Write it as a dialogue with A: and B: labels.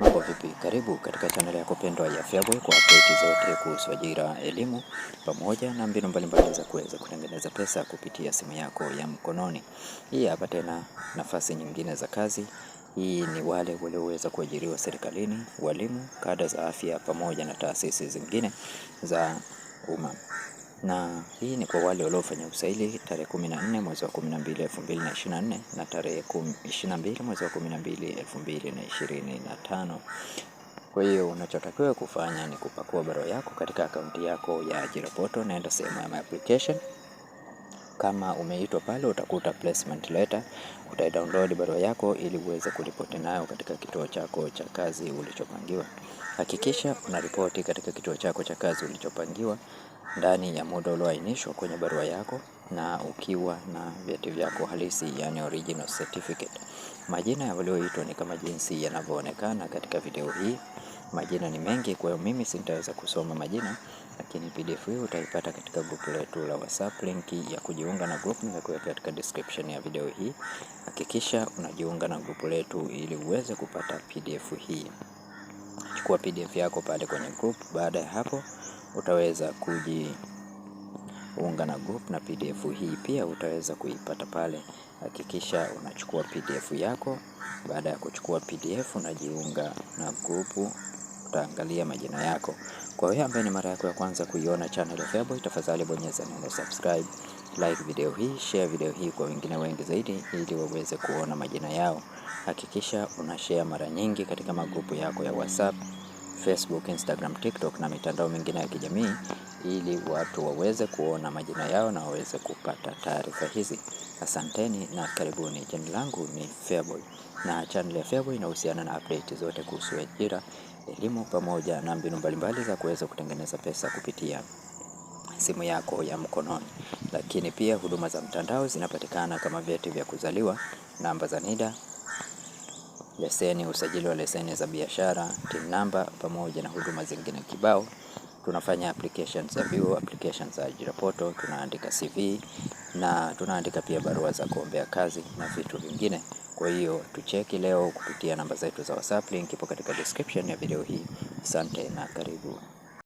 A: Mambo vipi? Karibu katika chaneli yako pendwa ya FEABOY kwa update zote kuhusu ajira, elimu pamoja na mbinu mbalimbali za kuweza kutengeneza pesa kupitia simu yako ya mkononi. Hii hapa tena nafasi nyingine za kazi. Hii ni wale walioweza kuajiriwa serikalini, walimu, kada za afya pamoja na taasisi zingine za umma na hii ni kwa wale waliofanya usaili tarehe 14 mwezi wa 12 2024 na tarehe 22 mwezi wa 12 2025. Kwa hiyo unachotakiwa kufanya ni kupakua barua yako katika akaunti yako ya ajira portal, naenda sehemu ya my application. Kama umeitwa pale, utakuta placement letter, download barua yako ili uweze kuripoti nayo katika kituo chako cha kazi ulichopangiwa. Hakikisha unaripoti katika kituo chako cha kazi ulichopangiwa ndani ya muda ulioainishwa kwenye barua yako na ukiwa na vyeti vyako halisi, yani original certificate. Majina ya walioitwa ni kama jinsi yanavyoonekana katika video hii. Majina ni mengi, kwa hiyo mimi sitaweza kusoma majina, lakini PDF hii utaipata katika grupu letu la WhatsApp. Link ya kujiunga na grupu nimekuweka katika description ya video hii. Hakikisha unajiunga na grupu letu ili uweze kupata PDF hii. Chukua PDF yako pale kwenye group. Baada ya hapo utaweza kujiunga na group na PDF hii pia utaweza kuipata pale. Hakikisha unachukua PDF yako. Baada ya kuchukua PDF unajiunga na group, utaangalia majina yako. Kwa wewe ambaye ni mara yako ya kwanza kuiona channel ya FEABOY, tafadhali bonyeza neno subscribe, like video hii, share video hii kwa wengine wengi zaidi, ili waweze kuona majina yao. Hakikisha una share mara nyingi katika magrupu yako ya WhatsApp Facebook, Instagram, TikTok na mitandao mingine ya kijamii ili watu waweze kuona majina yao na waweze kupata taarifa hizi. Asanteni na karibuni. Jina langu ni Feaboy na channel ya Feaboy inahusiana na update zote kuhusu ajira, elimu pamoja na mbinu mbalimbali za kuweza kutengeneza pesa kupitia simu yako ya mkononi. Lakini pia huduma za mtandao zinapatikana kama vyeti vya kuzaliwa, namba za NIDA leseni, usajili wa leseni za biashara, TIN number pamoja na huduma zingine kibao. Tunafanya applications za vyuo, applications za ajira portal, tunaandika CV na tunaandika pia barua za kuombea kazi na vitu vingine. Kwa hiyo tucheki leo kupitia namba zetu za WhatsApp, link ipo katika description ya video hii. Asante na karibu.